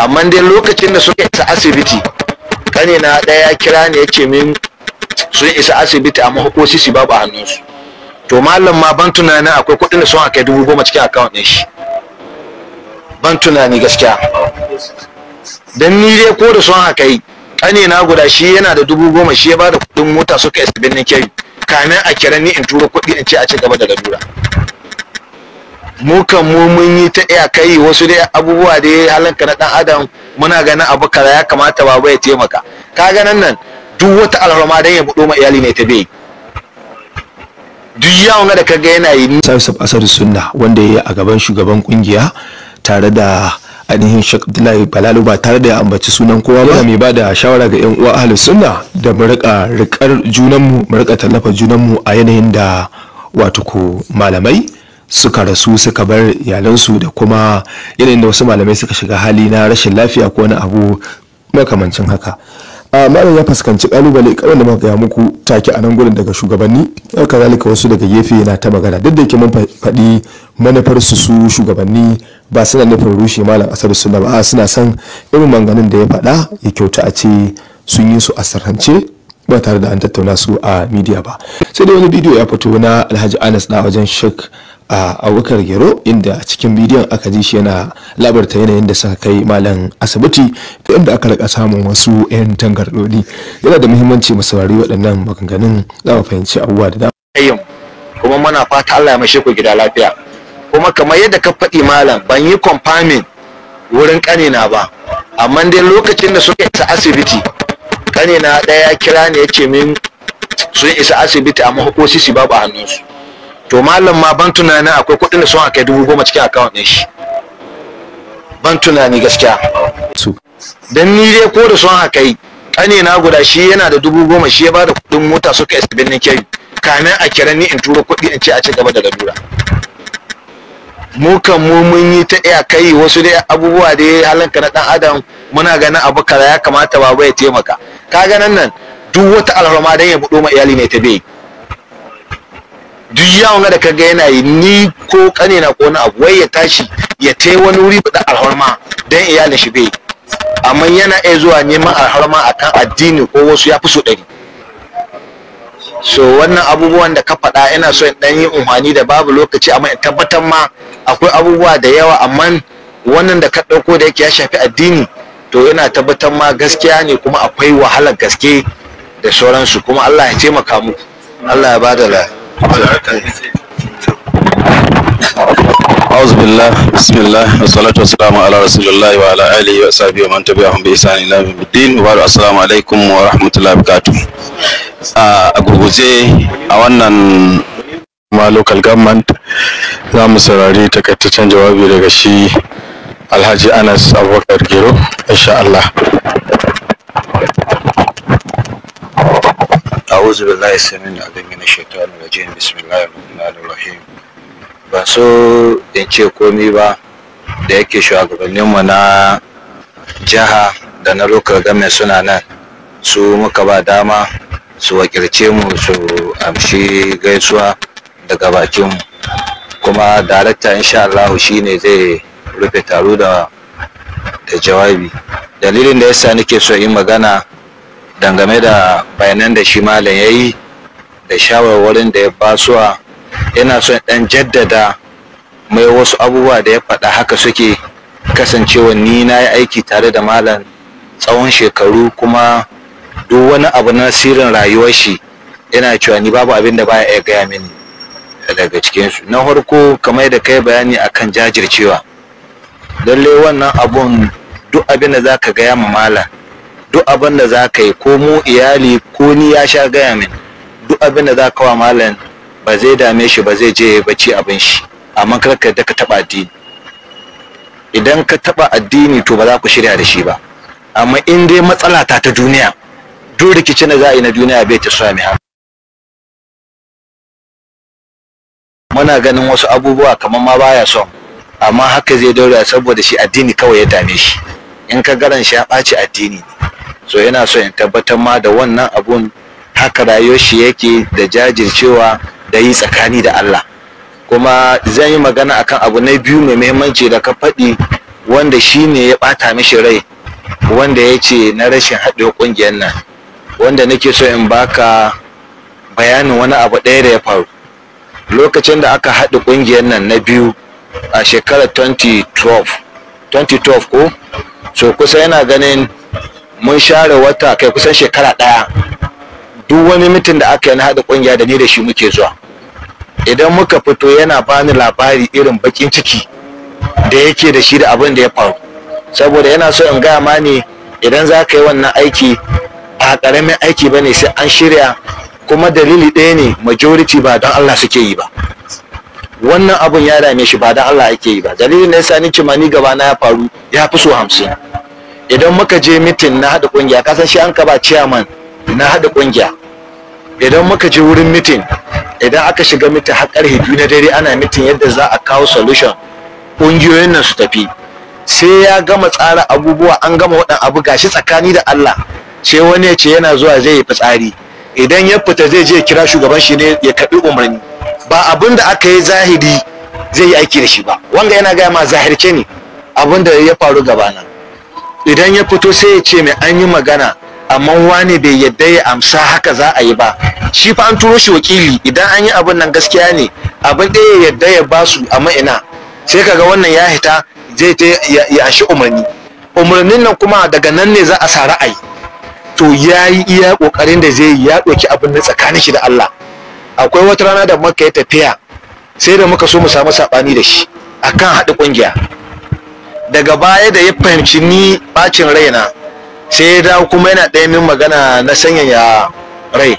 amma dai lokacin da suka isa asibiti kane na daya kira ne ya ce min sun isa asibiti amma hukosi su babu hannunsu to malam ma ban tunani akwai kuɗin da sun akai dubu goma cikin akawun ɗin shi ban tunani gaskiya don ni dai ko da sun akai, kane na guda shi yana da dubu goma shi ya ba da kuɗin mota suka isa birnin kyau kamin a kira ni in tura kuɗi in ce a ci gaba da lalura mu mu mun yi ta iya kai wasu dai abubuwa da ya halinka na dan adam muna ganin abu kaza ya kamata babu ya taimaka ka ganin nan duk wata alhama dan ya budo ma iyali ne ta bai duk wanga da kaga yana yi Sabisu Asar Sunna wanda yayi a gaban shugaban kungiya tare da ainihin Sheikh Abdullahi Balalu ba tare da ya ambaci sunan kowa ba mai bada shawara ga 'yan uwa Ahlus Sunna da mu rika rikar junanmu mu rika tallafa junanmu a yanayin da wato ko malamai suka rasu suka bar iyalansu da kuma yanayin da wasu malamai suka shiga hali na rashin lafiya ko wani abu makamancin haka malam ya fuskanci kalubale kawai da muka muku take a nan gurin daga shugabanni aka zalika wasu daga gefe na ta magana duk da yake mun faɗi manufar su su shugabanni ba suna nufin rushe malam asar sunna ba suna san irin manganin da ya faɗa ya kyauta a ce sun yi su a ba tare da an tattauna su a media ba sai dai wani bidiyo ya fito na alhaji anas na wajen sheikh. a abubakar gero inda cikin bidiyon aka ji shi yana labarta yanayin da suka kai malam asibiti da inda aka rika samun wasu 'yan tangardodi yana da muhimmanci mu saurari waɗannan maganganun za mu fahimci abubuwa da dama kuma muna fata Allah ya mashe ku gida lafiya kuma kamar yadda ka faɗi malam ban yi confirming wurin kanina ba amma dai lokacin da suka isa asibiti kanina ɗaya ya kira ni ya ce min sun isa asibiti amma hukosi su babu a hannunsu to malam ma ban tunanin akwai kudin da sun aka dubu goma cikin akawun din shi ban tunani gaskiya don ni dai ko da sun aka yi na guda shi yana da dubu goma shi ya bada kuɗin mota suka isa birnin kebbi kamin a kira ni in turo kuɗi in ce a ci gaba da lalura mu kan mu mun yi ta iya kai wasu dai abubuwa dai halanka na dan adam muna ganin abu kaza ya kamata babu ya taimaka ka ganin nan duk wata alhama dan ya buɗo ma iyali ne ta bai duk yawon da kaga yana yi ni ko na ko wani abu wai ya tashi ya tai wani wuri da alharma dan iyalin shi bai amma yana iya zuwa neman alharma akan addini ko wasu ya fi so ɗari so wannan abubuwan da ka faɗa ina so in ɗan yi umarni da babu lokaci amma in tabbatar ma akwai abubuwa da yawa amma wannan da ka ɗauko da yake ya shafi addini to yana tabbatar ma gaskiya ne kuma akwai wahalar gaske da sauransu kuma Allah ya taimaka muku Allah ya bada lafiya أعوذ بالله بسم الله والصلاة والسلام على رسول الله وعلى آله وصحبه ومن تبعهم بإحسان إلى يوم الدين وبعد السلام عليكم ورحمة الله وبركاته a gurguje a wannan ma local government za mu saurari takaitaccen jawabi daga shi alhaji anas abubakar gero insha Allah a'udhu billahi samin alim min shaitanir rajim bismillahir rahmanir rahim ba so in ce komi ba da yake shugabannin mu na jiha da na local government suna nan su muka ba dama su wakilce mu su amshi gaisuwa daga bakin mu kuma darakta insha Allah shine zai rufe taro da da jawabi dalilin da yasa nake so yi magana dangane da bayanan da shi malam ya yi da shawarwarin da ya basuwa yana son ɗan jaddada mai wasu abubuwa da ya faɗa haka suke kasancewa ni na yi aiki tare da malam tsawon shekaru kuma duk wani abu na sirrin rayuwar shi yana cewa ni babu abin da baya iya gaya mini daga cikinsu na farko kamar da kai bayani akan jajircewa lallai wannan abun duk abin da za ka gaya ma malam duk abin da za ka yi ko mu iyali ko ni ya sha gaya min duk abin da za ka wa malam ba zai dame shi ba zai je ya bacci abin shi amma kar ka da ka taba addini idan ka taba addini to ba za ku shirya da shi ba amma in dai matsala ta ta duniya duk rikicin da za a yi na duniya bai ta sami haka muna ganin wasu abubuwa kamar ma baya son amma haka zai dora saboda shi addini kawai ya dame shi in ka garan shi ya ɓaci addini ne so yana so in tabbatar ma da wannan abun haka rayuwar shi yake da jajircewa da yi tsakani da Allah kuma zan yi magana akan abu na biyu mai muhimmanci da ka faɗi wanda shine ya bata mishi rai wanda ya ce na rashin haɗe ƙungiyar nan wanda nake so in baka bayanin wani abu ɗaya da ya faru lokacin da aka haɗe ƙungiyar nan na biyu a shekarar 2012 2012 ko so kusa yana ganin mun share wata kai kusan shekara ɗaya duk wani mitin da aka yi na haɗa ƙungiya da ni da shi muke zuwa idan muka fito yana bani labari irin bakin ciki da yake da shi da abin da ya faru saboda yana so in gaya ma ne idan za ka yi wannan aiki ba ƙaramin aiki ba ne sai an shirya kuma dalili ɗaya ne majority ba don Allah suke yi ba wannan abun ya dame shi ba don Allah ake yi ba dalilin da ya sa ni cimani gaba na ya faru ya fi so hamsin idan muka je mitin na haɗa ƙungiya kasan shi an kaba chairman na haɗa ƙungiya idan muka je wurin mitin idan aka shiga mitin har ƙarfe biyu na dare ana mitin yadda za a kawo solution ƙungiyoyin nan su tafi sai ya gama tsara abubuwa an gama waɗan abu gashi tsakani da Allah ce wani ya ce yana zuwa zai yi fitsari idan ya fita zai je kira shugaban shi ne ya karɓi umarni ba abin da aka yi zahiri zai yi aiki da shi ba wanga yana gaya ma zahirce ne abin da ya faru gabana idan ya fito sai ya ce mai an yi magana amma wani bai yadda ya amsa haka za a yi ba shi fa an turo shi wakili idan an yi abin nan gaskiya ne abin ɗaya ya yadda ya ba su a ma'ina sai kaga wannan ya hita zai ta ya ashi umarni umarnin nan kuma daga nan ne za a sa ra'ayi to ya yi iya ƙoƙarin da zai ya ɗauki abin da tsakanin shi da Allah akwai wata rana da muka yi tafiya sai da muka so mu samu saɓani da shi akan haɗa ƙungiya daga baya da ya fahimci ni bacin na, sai ya dawo kuma yana ɗaya min magana na sanyaya rai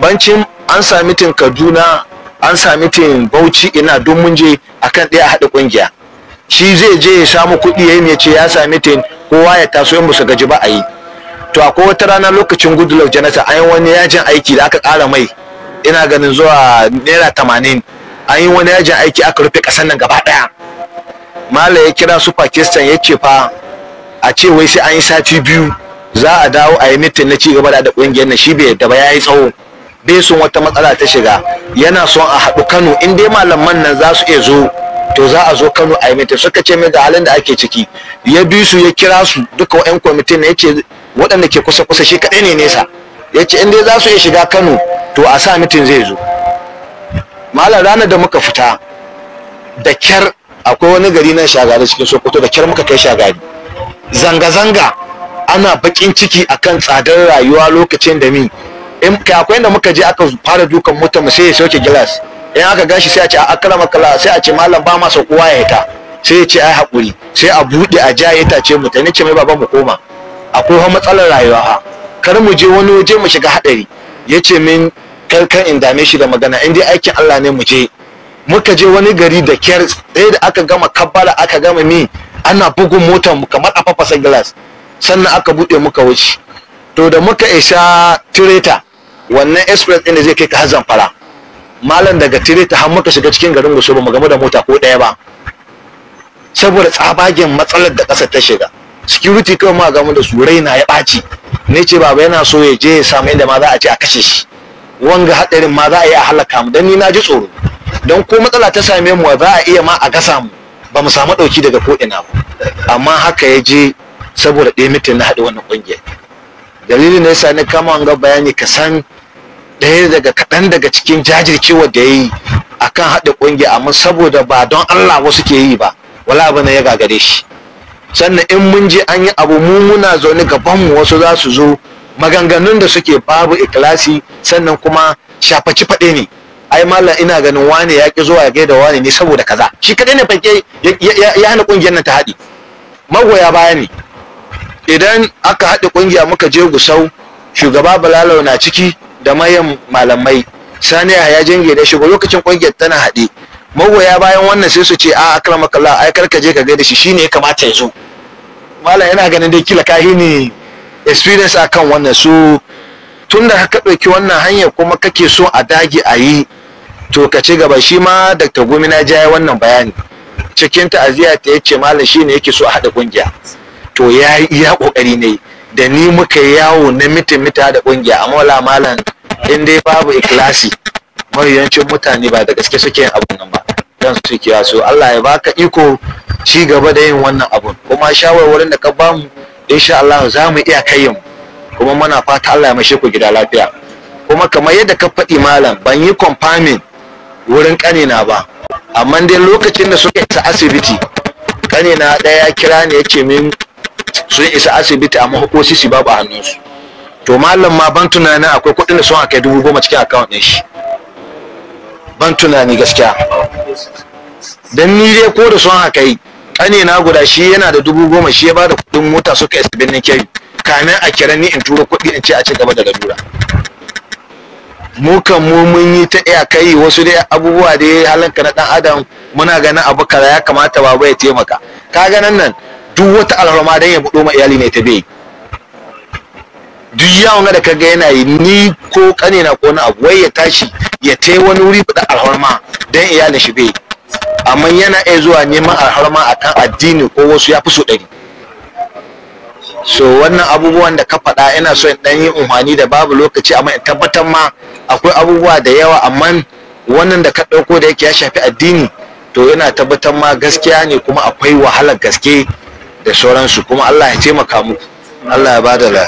bancin an sami tin kaduna an sami tin bauchi ina don mun je akan ɗaya a haɗa ƙungiya shi zai je ya samu kuɗi ya yi ce ya sami tin kowa ya taso in su gaji ba a yi to akwai wata rana lokacin goodluck janata an yi wani yajin aiki da aka ƙara mai ina ganin zuwa naira tamanin an yi wani yajin aiki aka rufe ƙasar nan gaba ɗaya mala ya kira su pakistan ya ce fa a ce wai sai an yi sati biyu za a dawo a yi mitin na ci gaba da kungiyar na shi bai da ba ya yi tsawo bai son wata matsala ta shiga yana son a haɗu kano in dai malaman nan za su iya zo to za a zo kano a yi mitin suka ce mai da halin da ake ciki ya bi su ya kira su duka yan kwamitin ya ce waɗanda ke kusa kusa shi kaɗai ne nesa ya ce in dai za su iya shiga kano to a sa mitin zai zo malam ranar da muka fita da kyar akwai wani gari nan shagari cikin sokoto da kyar muka kai shagari zanga-zanga ana bakin ciki akan tsadar rayuwa lokacin da mi in kai akwai inda muka je aka fara dukan mota mu sai ya sauke gilas in aka gashi sai a ce a akrama kala sai a ce malam ba ma kowa ya hita sai ya ce ai hakuri sai a bude a ja ya ce mu ta ce mai baba mu koma akwai wani matsalar rayuwa ha kar mu je wani waje mu shiga hadari yace min kankan in dame shi da magana in dai aikin Allah ne mu je muka je wani gari da kyar ɗaya da aka gama kabbala aka gama ni ana bugun motar mu kamar a fafasa glass sannan aka buɗe muka wuce to da muka isa tireta wannan express ɗin da zai kai ka hazan fara malam daga tireta har muka shiga cikin garin gusu ba mu game da mota ko ɗaya ba saboda tsabagen matsalar da ƙasar ta shiga security kawai ma gamu da su raina ya ɓaci ne ce baba yana so ya je ya samu inda ma za a ce a kashe shi wanga hadarin ma za a yi a halaka mu dan ni na ji tsoro don ko matsala ta same mu za a iya ma a gasa mu ba mu samu ɗauki daga ko ina ba amma haka ya je saboda ɗaya mutum na haɗe wannan ƙungiyar dalilin da yasa kama an ga bayani ka san ɗaya daga kaɗan daga cikin jajircewar da ya yi akan haɗa ƙungiya amma saboda ba don Allah wasu ke yi ba wala abu ya gagare shi sannan in mun je an yi abu mu muna zaune gaban mu wasu za su zo maganganun da suke babu ikilasi sannan kuma shafaci faɗe ne ai mallam ina ganin wane ya ki zuwa gaida wane ne saboda kaza shi kadai ne fanke ya hana kungiyar nan ta haɗi magoya baya ne idan aka haɗe kungiya muka je gusau shugaba balalau na ciki da mayan malamai sani ya jange da shigo lokacin kungiyar tana haɗe magoya bayan wannan sai su ce a akramaka Allah ai karka je ka gaida shi shine ya kamata ya zo mallam yana ganin dai kila kahi ne experience akan wannan su tunda ka ɗauki wannan hanyar kuma kake so a dage a yi to ka ci gaba shi ma dr gumina ja wannan bayani cikin ta'aziyya ta yace malam shi ne yake so a haɗa ƙungiya to ya iya ƙoƙari ne da ni muka yawo na mitin mita da ƙungiya A mola malam in dai babu ikilasi mariyancin mutane ba da gaske suke yin abun nan ba dan su ke yaso Allah ya baka iko ci gaba da yin wannan abun kuma shawarwarin da ka bamu insha Allah za mu iya kai mu kuma muna fata Allah ya mashe ku gida lafiya kuma kamar yadda ka faɗi malam ban yi confirming wurin kanina ba amma dai lokacin da suka isa asibiti kanina ɗaya kira ne ya ce min sun isa asibiti amma ko sisi babu hannunsu to mallam ma ban tunani akwai kuɗin da sun aka dubu goma cikin akawun ɗin shi ban tunani gaskiya dan ni dai ko da sun aka yi kanina guda shi yana da dubu goma shi ya bada kuɗin mota suka isa birnin kebbi kamin a kira ni in turo kuɗi in ce a ci gaba da lalura Mukan mu mun yi ta iya kai wasu dai abubuwa da ya halanka na dan adam muna ganin abu kaza ya kamata baba ya taimaka ka ganin nan duk wata alhama dan ya budo ma iyali ne ta bai duk yawon da kaga yana yi ni ko kane na ko na abu wai ya tashi ya tai wani wuri da alhama dan iyalin shi bai amma yana iya zuwa neman alhama akan addini ko wasu ya fi so ɗari so wannan abubuwan da ka faɗa ina so in ɗan yi umarni da babu lokaci amma in tabbatar ma akwai abubuwa da yawa amma wannan da ka ɗauko da yake ya shafi addini to yana tabbatar ma gaskiya ne kuma akwai wahalar gaske da sauransu kuma Allah ya taimaka muku Allah ya bada la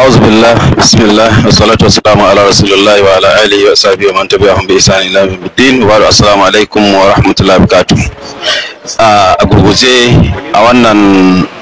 أعوذ بالله بسم الله والصلاة والسلام على رسول الله وعلى آله وصحبه ومن تبعهم بإحسان إلى يوم الدين السلام عليكم ورحمة الله وبركاته a gurguje a wannan